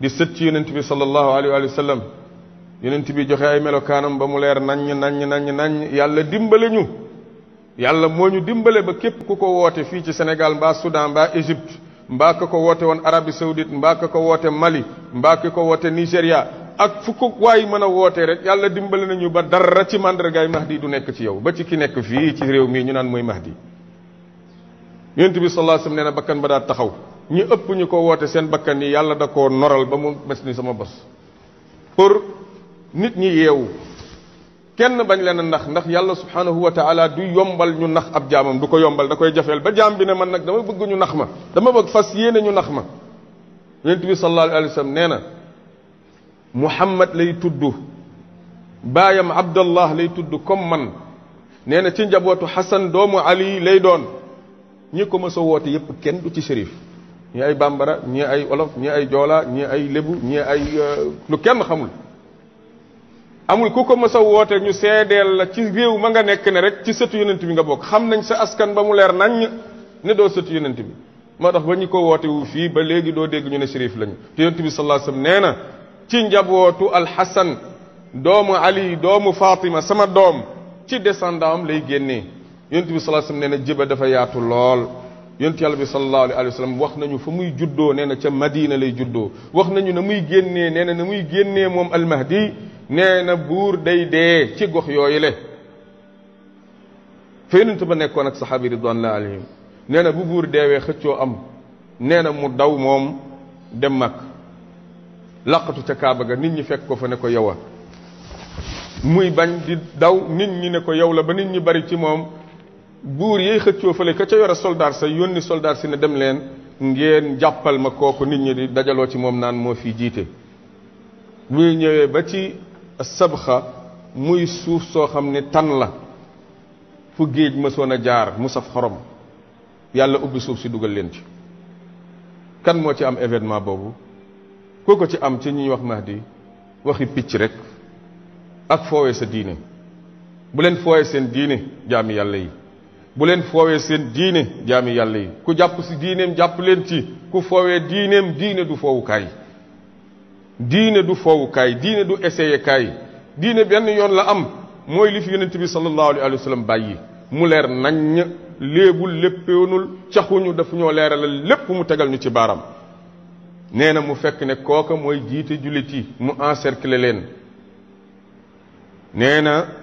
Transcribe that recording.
di sët ci yonent bi sallallahu alayhi wa sallam yonent bi joxe ay melokaanam ba mu leer naññ naññ naññ naññ yàlla dimbale ñu yàlla moo ñu dimbale ba képp ku ko woote fii ci Sénégal mbaa Soudan mbaa Égypte mbaa ka ko woote woon Arabie Saoudite mbaa ka ko woote Mali mbaa ka ko woote Nigéria ak fu ko waay mën a wootee rek yàlla dimbale nañu ba dara ci màndargaay Mahdi du nekk ci yow ba ci ki nekk fii ci réew mii ñu naan mooy Mahdi yonent bi sallallahu alayhi wa sallam nee na bakkan ba daa taxaw ñu ëpp ñu ko woote seen bakkan yi yàlla da koo noral ba mu mes ni sama bos pour nit ñi yeewu kenn bañ leen a ndax ndax yàlla subhanahu wa taala du yombal ñu nax ab jaamam du ko yombal da koy jafeel ba jaam bi ne man nag dama bëgg ñu nax ma dama bëgg fas yéene ñu nax ma yonent bi sallallahu alayhi wa sallam nee na muhammad lay tudd baayam abdallah lay tudd comme man nee na ci njabootu xasan doomu ali lay doon ñi ko mës a woote yépp kenn du ci shérif ñu ay bambara ñi ay olof ñi ay joola ñi ay lébu ñi ay euh, lu kenn xamul amul ku ko mës a woote ñu seedeel la ci réew ma nga nekk ne rek ci sëtu yonent bi nga bokk xam nañ sa askan ba mu leer nañ ne doo sëtu yonent bi moo tax ba ñu ko woote fii ba léegi doo dégg ñu ne shérif lañu te yonent bi sallallahu sa wasallam nee na ci njabootu alxasan doomu ali doomu fatima sama doom ci descendant am lay génnee yonent bi sallallahu alayhi wasallam nee na jiba dafa yaatu lool yonent yàlla bi sallallahu alayhi wa wax nañu fa muy juddoo nee na ca Madina lay juddoo wax nañu na muy génnee nee na na muy génnee moom almahdi nee na buur day dee ci gox yooyu le fa yonent ba nekkoon ak saxaabi ridwanullahi alayhim nee na bu buur deewee xëccoo am nee na mu daw moom dem mag laqatu ca Kaaba ga nit ñi fekk ko fa ne ko yow a muy bañ di daw nit ñi ne ko yow la ba nit ñi bari ci moom buur yey xëccoo fële ka ca yore soldaar sa yónni soldaar si ne dem leen ngeen jàppal ma kooku nit ñi dajaloo ci moom naan moo fii jiite muy ñëwee ba ci sabxa muy suuf soo xam ne tan la fu géej mësoon a jaar mu saf xorom yàlla ubbi suuf si dugal leen ci kan moo ci am événement boobu koo ko ci am ci ñuy wax di waxi picc rek ak foowe sa diine bu leen foowe seen diine jaami yàlla yi bu leen foowee seen diine jaami yàlla yi ku jàpp si diineem jàpp leen ci ku foowee diineem diine du foowukaay diine du foowukaay diine du essayé kaay diine benn yoon la am mooy li fi yonent bi sallallahu alayhi wa sallam bàyyi mu leer naññ léebul léppoonul caxuñu daf ñoo leeralal lépp mu tegal ñu ci baaram nee na mu fekk ne kooka mooy jiite jullit yi mu encercler leen nee